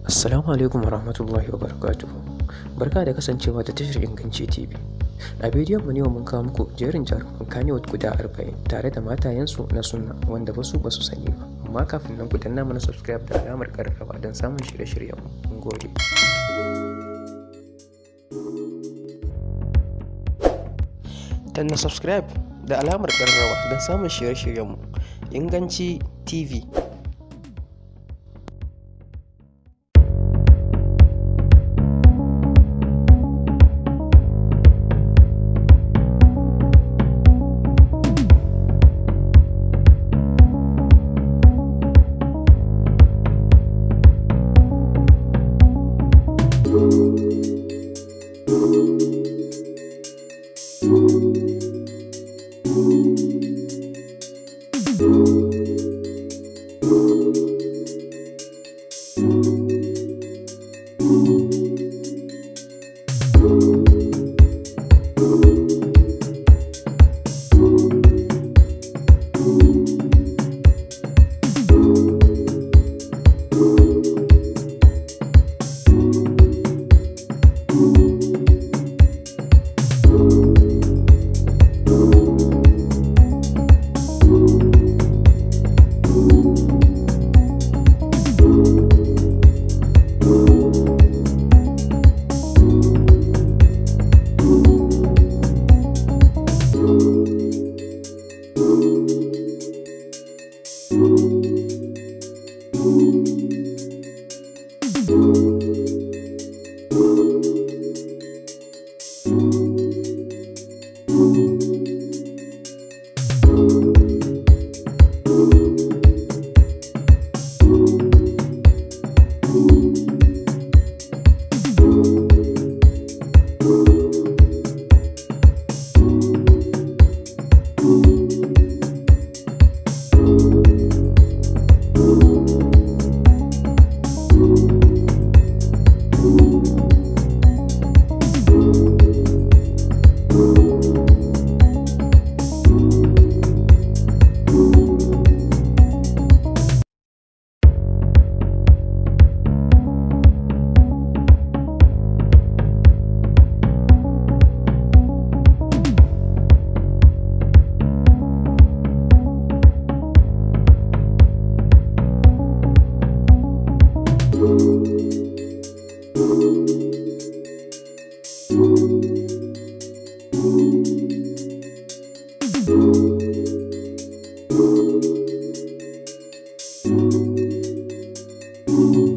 Assalamu alaikum warahmatullahi wabarakatuhu. Barka da kasancewa da tashar inganci TV. A bidiyon mu ne mun kawo muku jerin jarumin Kannywood guda 40 tare da matayensu na sunna wanda basu ba su sani ba. Amma kafin nan ku danna mana subscribe da alamar karfafa don samun shirye-shiryen mu. gode. Danna subscribe da alamar karfafa don samun shirye-shiryen mu. Inganci TV. Música Thank you. thank you